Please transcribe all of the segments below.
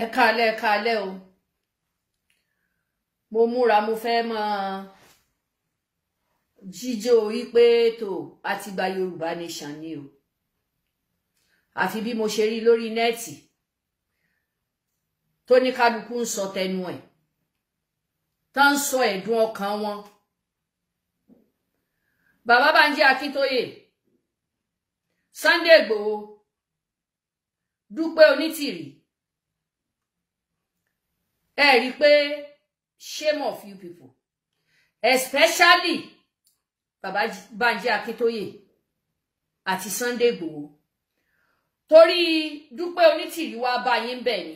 ẹ kalẹ̀ ẹ kalẹ̀ o mo múra mo fẹ́ máa jíjó wípé tó àti gba Yorùbá nation ni o àfi bí mo ṣe rí lórí nẹ́ẹ̀tì tó ní kálukú ń sọ tẹnu ẹ̀ tá ń sọ ẹ̀dùn ọkàn wọn bàbá Bánjí Akíntóyè Sunday Ìgbòho Dúpẹ́ Onítìrí ẹ rí i pé shame of you people especially bàbá Banji Akíntóyè àti Sunday Igboho torí Dúpẹ́ Onítìrí wá bá yín bẹ̀ ni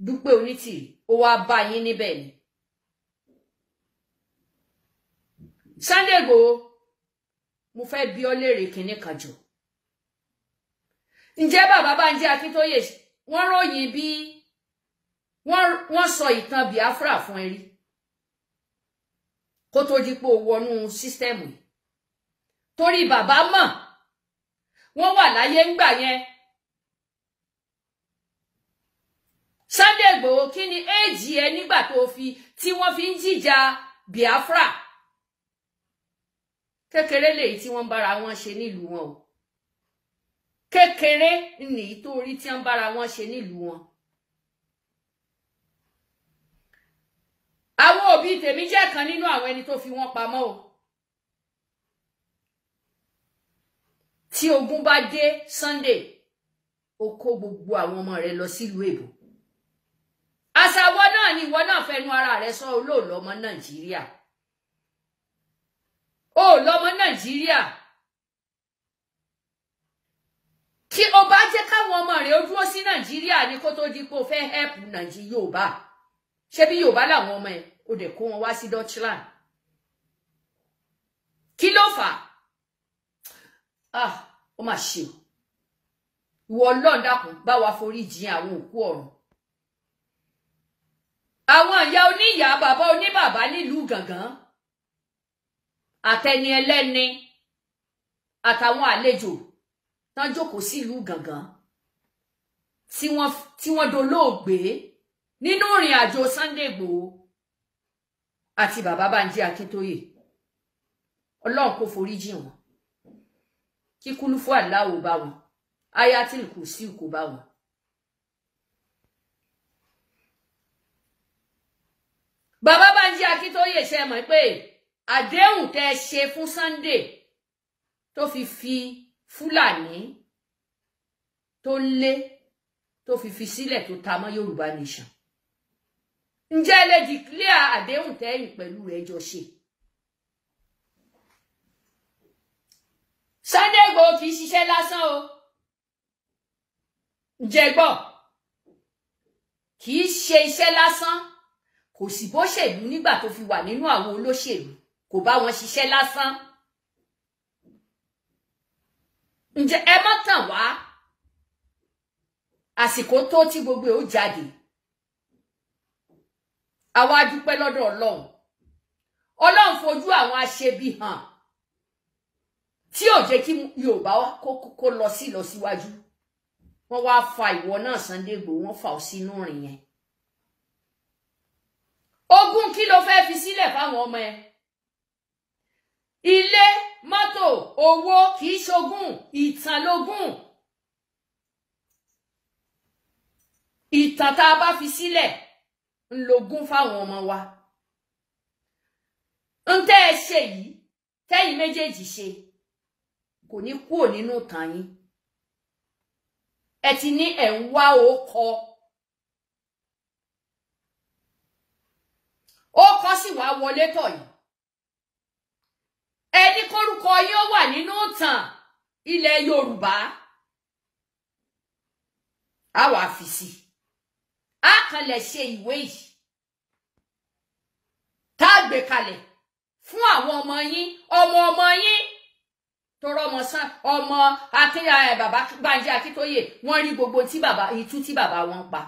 Dúpẹ́ Onítìrí ó wá bá yín níbẹ̀ ni Sunday Igboho mo fẹ́ bi ọ́ léèrè kinní kan jọ ǹjẹ́ bàbá Banji Akíntóyè wọ́n ròyìn bíi wọ́n sọ ìtàn Biafra fún ẹ rí kó tó di pé o wọnú sísítẹ́ẹ̀mù yìí torí bàbá mọ̀ wọ́n wà láyé ńgbà yẹn Sunday Igboho kí ni éèjì ẹ nígbà tó fi tí wọ́n fi ń jìjà Biafra kékeré lèyí tí wọ́n ń bára wọn ṣe nílùú wọn o kékeré nìyí tó rí tí wọ́n bára wọn ṣe nílùú wọn àwọn òbí tèmi jẹ́ kan nínú àwọn ẹni tó fi wọ́n pamọ́ o tí ogun bá dé Sunday ó kó gbogbo àwọn ọmọ rẹ lọ sílùú èbó àṣàwọ náà ni ìwọ náà fẹnu ara rẹ sọ olóòlọ ọmọ Nàìjíríà òòlọ ọmọ Nàìjíríà kí o bá jẹ́ káwọn ọmọ rẹ ó dúró sí Nàìjíríà ni kó tó di pé o fẹ́ hẹ́pù Nàìjíríà Yorùbá ṣebí Yorùbá làwọn ọmọ ẹ ó dẹ̀ kó wọn wá sí Dutchland kí ló fà á ah, ó mà ṣe o ìwọ Ọlọ́run dákun bá wa forí jìn àwọn òkú ọ̀run àwọn ìyá oníyà bàbá oníbàbá nílùú gàngán àtẹni ẹlẹ́ni àtàwọn àlejò tán jókòó sílùú gàngán tí wọ́n dolóògbé nínú ìrìn àjò Sunday Igboho àti bàbá Bánjí Akíntóyè Ọlọ́run kò forí jì wọ́n kí kúlúfọ aláwo bá wọn ayatil kò sí kò bá wọn. bàbá Bánjí Akíntóyè ṣe mọ̀ pé àdéhùn tẹ́ ẹ ṣe fún Sunday tó fi fi Fúlàní tó lé tó fi fi sílẹ̀ tó ta mọ́ Yorùbá nation ǹjẹ́ ẹ lè declare àdéhùn tẹ́yìn pẹ̀lú rẹ̀ jọ ṣe. Sunday Igboho kì í ṣiṣẹ́ lásán o ǹjẹ́ gbọ́ kì í ṣe iṣẹ́ lásán kò sí bó ṣèlú nígbà tó fi wà nínú àwọn olóṣèlú kò bá wọn ṣiṣẹ́ lásán ǹjẹ́ ẹ má tàn wá àsìkò tó tí gbogbo ẹ̀ ó jáde àwa dúpẹ́ lọ́dọ̀ ọlọ́run ọlọ́run fojú àwọn aṣebi hàn tí ò jẹ́ kí yorùbá kó lọ sí ìlọsíwájú wọ́n wá fa ìwọ náà Sunday Igboho wọ́n fà ó sínú rìn yẹn ogún kí ló fẹ́ fi sílẹ̀ fáwọn ọmọ ẹ ilé mọ́tò owó kì í ṣogún ìtàn lógún ìtàn tá a bá fi sílẹ̀ ń logún fáwọn ọmọ wa ń tẹ́ ẹ ṣe yìí tẹ́yìn méjèèjì ṣe kò ní kúrò nínú ìtàn yín ẹ ti ní ẹ̀ ń wá ọkọ ọkọ sì wá wọlé tọ̀ yìí ẹ ní kórúkọ yín wà nínú ìtàn ilẹ̀ Yorùbá a wàá fi sí á kanlẹ̀ ṣe ìwé yìí tá a gbé kalẹ̀ fún àwọn ọmọ yín ọmọ ọmọ yín tọrọ ọmọ sàn ọmọ akéya eh, bàbá Bánjí Akíntóyè wọ́n rí gbogbo tí bàbá itú tí bàbá wọn pa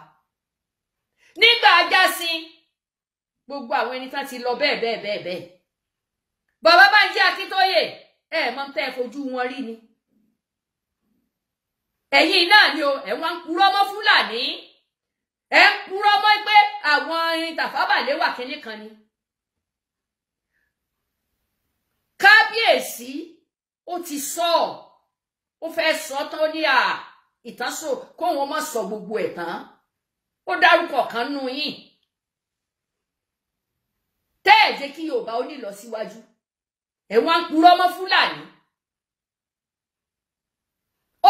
nígbà Ajásin gbogbo àwọn ẹni tán ti lọ bẹ́ẹ̀ bẹ́ẹ̀ bẹ́ẹ̀ bẹ́ẹ̀ bàbá Bánjí Akíntóyè ẹ mọ̀ tẹ́ ẹ fojú wọn rí ni ẹ̀yin náà ni o ẹ wá ń purọ́ mọ́ Fúlàní ẹ ń purọ́ mọ́ pé àwọn irin tàfábàlẹ̀ wà kínní kan ni kábíyèsí ó ti sọ ó fẹ́ sọ tán ní à ìtànṣó kóun ọmọ sọ gbogbo ẹ̀ tán ó dárúkọ kan nù yín tẹ́ ẹ̀ jẹ́ kí Yorùbá ó nílọ síwájú ẹ̀ wá ń purọ́ mọ́ Fúlàní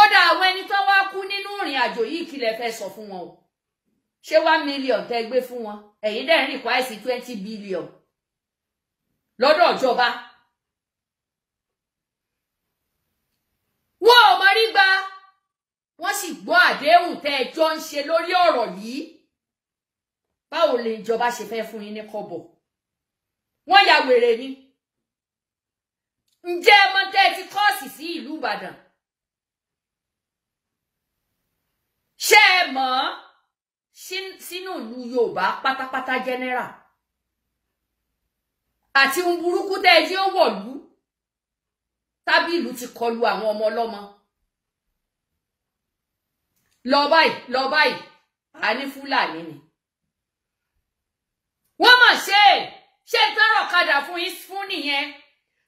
ó dá àwọn ẹni tó wá kú nínú ìrìn àjò yìí kí lẹ fẹ́ sọ fún wọn o ṣé one million tẹ́ gbé fún wọn ẹ̀yin dẹ̀ ń require sí twenty billion lọ́dọ̀ ìjọba. wọ́n ò mọ rí gbà wọ́n sì gbọ́ àdéhùn tẹ́ ẹ ń ṣe lórí ọ̀rọ̀ yìí báwo lè ìjọba ṣe fẹ́ fún yín ní kọ́bọ̀ wọ́n ya wèrè ni ǹjẹ́ ẹ mọ̀ tẹ́ ẹ ti kọ́ọ̀sì sí ìlú Ìbàdàn ṣé ẹ mọ̀ ọ́ sínú ìlú Yorùbá pátápátá general àti ohun burúkú tẹ́ ẹ jẹ́ ó wọ̀lú tábìlù ti kọlu àwọn ọmọ ọlọ́mọ lọ báyìí lọ báyìí a ní Fúlàní ni wọ́n mà ṣe ṣe ń tán rọ̀kadà fún yín fún nìyẹn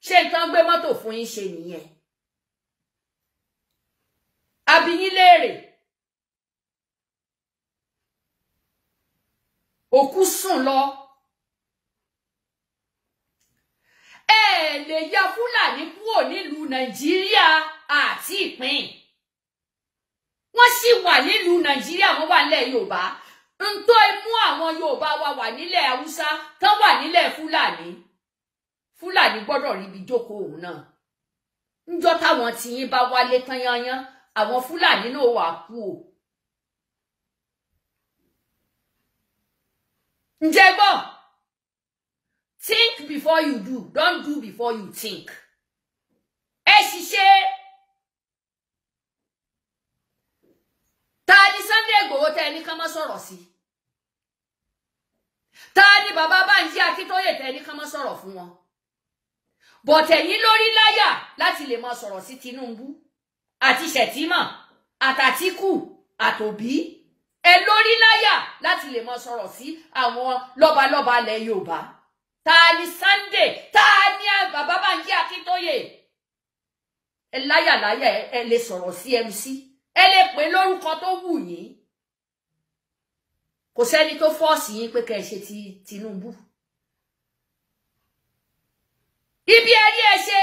ṣe tán gbé mọ́tò fún yín ṣe nìyẹn àbí léèrè. òkú sùn lo, ẹ le yá fúlàní kúrò nílùú nàìjíríà àti ìpín wọ́n sì wà nílùú nàìjíríà wọ́n wà le yorùbá ń tó mú àwọn yorùbá wa wà nílẹ̀ haúsá tán wà nílẹ̀ fúlàní fúlàní gbọ́dọ̀ ríbi jókòó òun náà níjọ́ táwọn tìyín bá wálé tán yányán àwọn fúlàní náà wà kú o. ǹjẹ́ think before you do don't do before you think ẹ ṣiṣẹ́ ta ni Sunday Igboho tẹ ní ká má sọ̀rọ̀ sí ta ni bàbá Bánjí Akíntóyè tẹ ní ká má sọ̀rọ̀ fún wọn bọ̀tẹ̀yìn lórí láyà láti lè máa sọ̀rọ̀ sí Tinubu àti Ṣẹ̀tímà àtàtíkù àtòbí ẹ lórí láyà láti lè mọ sọ̀rọ̀ sí àwọn lọ́balọ́ba ilẹ̀ Yorùbá ta ni Sunday ta ni bàbá Bánjí Akíntóyè ẹ láyà láyà ẹ lè sọ̀rọ̀ sí MC ẹ lè pè lórúkọ tó wù yín kò sẹ́ni tó fọ́ọ̀sì yín pé kẹ́ ẹ ṣe ti Tinubu ibi ẹrí ẹ ṣe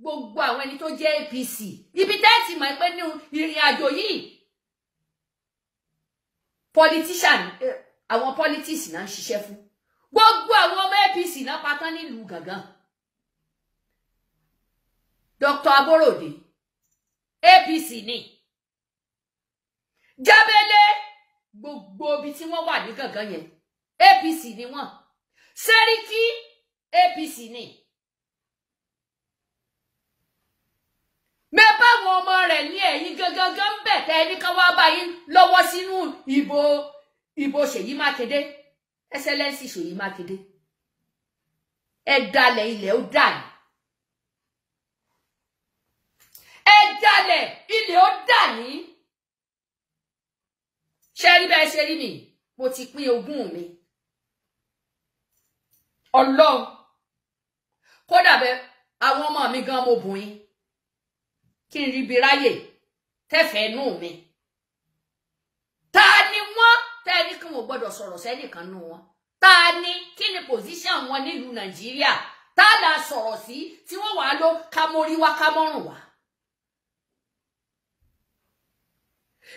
gbogbo àwọn ẹni tó jẹ́ APC ibi tẹ́ẹ̀tì mọ̀ pé ní ìrìn àjò yìí politician eh, àwọn politics náà ń ṣiṣẹ́ fún gbogbo àwọn ọmọ APC náà patán nílùú gangan Dr. Aborode APC ni Jabele, gbogbo ibi tí wọ́n wà ní gangan yẹn APC ni wọ́n Seriki, APC ni. mẹ báwọn ọmọ rẹ̀ ní ẹ̀yìn gangan gan bẹ̀ tẹ́ ẹni kan wá báyìí lọ́wọ́ sínú ìbò ìbò Ṣèyí Mákindé ẹsẹlẹsì Ṣèyí Mákindé ẹ dalẹ̀ ilẹ̀ ó dà ní ẹ dalẹ̀ ilẹ̀ ó dà ní ṣe rí bẹ́ẹ̀ ṣe rí mi mo ti pín ogún mi Ọlọ́run kódà bẹ́ẹ̀ àwọn ọmọ mi gan mo bùn yín. kí n ríbi ráyè nù mi ta ni wọn tẹ́ ẹni kí wọ́n sọrọ sẹni kan nù wọn ta ni kí ni wọn nílùú nàìjíríà tá a là sọ̀rọ̀ sí tí wọ́n wàá ló kámórí wá kámọ́rùn wá.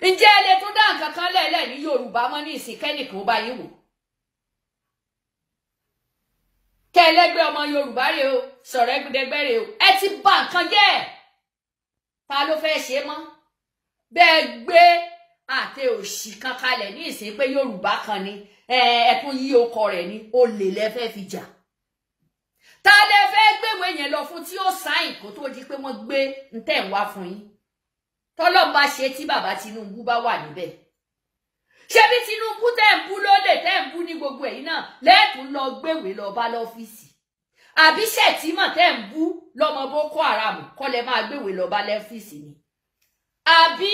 ǹjẹ́ ẹ lè dá nǹkan kan ní yorùbá mọ́ ní ìsìn kẹ́nìkan bá ẹ ọmọ yorùbá rèé o sọ̀rọ̀ ẹgbẹ́dẹgbẹ́ rèé o ẹ ti ba nǹkan jẹ́ ta ló fẹ́ ṣe mọ́ bẹ́ẹ̀ gbé àti òṣì kan kalẹ̀ ní ìsìn pé Yorùbá kan ni ẹ̀ẹ́dẹ́kùn yí ọkọ rẹ̀ ni olè lẹ́fẹ́ fi jà ta lè fẹ́ gbéwé yẹn lọ fún tí ó sáìn kó tó di pé wọ́n gbé ntẹ̀ wá fún yín tọ́lọ́n bá ṣe tí bàbá Tinubu bá wà níbẹ̀ ṣé bí Tinubu tẹ̀ ń bú lólè tẹ̀ ń bú ní gbogbo ẹ̀yìn náà lẹ́ẹ̀tún lọ gbéwé lọ bá lọ́fíìsì àbí Sẹ̀tìmọ̀ tẹ́ ń bú lọ́mọ Boko Haram kọ́lẹ̀ máa gbéwèé lọ́ba lẹ́fíìsì ni àbí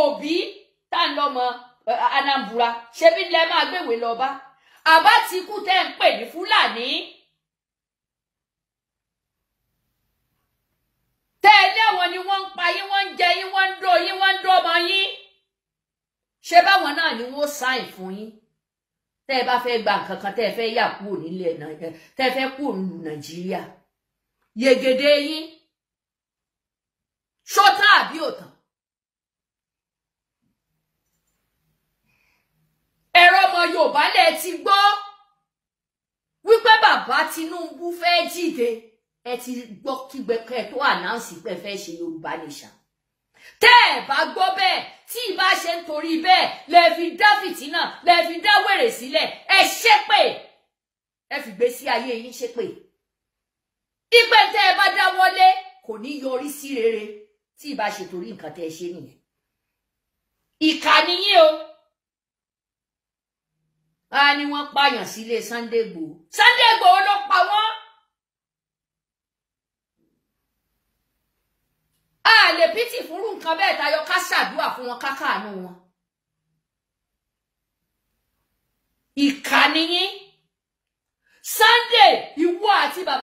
Obi tá ń lọ́mọ Anambra ṣebí lẹ́ máa gbéwèé lọ́ba àbá ti kú tẹ́ ń pè ní Fúlàní. tẹ́lẹ̀ wọn ni wọ́n ń pa yín wọ́n ń jẹ yín wọ́n ń dó yín wọ́n ń dó ọmọ yín ṣé báwọn náà ni wọ́n sáìn fún yín tẹ́ ẹ bá fẹ́ gba nǹkan kan tẹ́ ẹ fẹ́ yà kúrò nílẹ̀ tẹ́ ẹ fẹ́ kúrò nílùú nàìjíríà yegede yín ṣọ́tà àbí òtàn ẹ̀rọ ọmọ yorùbá lẹ̀ ti gbọ́ wípé bàbá Tinubu fẹ́ jíde ẹ ti gbọ́ kígbẹ́kẹ́ tó ànáùsì pé fẹ́ ṣe yorùbá nìṣàn tẹ́ ẹ̀ bá gbọ́ bẹ́ẹ̀ tí ìbá ṣe ń torí bẹ́ẹ̀ lẹ fi dá fìtínà lẹ fi dá wèrè sílẹ̀ ẹ ṣépè ẹ fi gbé sí ayé yín ṣépè ìpè tẹ́ ẹ bá dá wọlé kò ní yọrí sí rere tí ìbá ṣe torí nǹkan tẹ́ ẹ ṣe nìyẹn ìkà nìyí o a ní wọ́n pààyàn sílé Sunday Igboho Sunday Igboho ló pa wọ́n. pity fúnrú nǹkan bẹ́ẹ̀ tayọ ká ṣàdúrà fún wọn kákàánú wọn. ìkà I Sunday ìwọ àti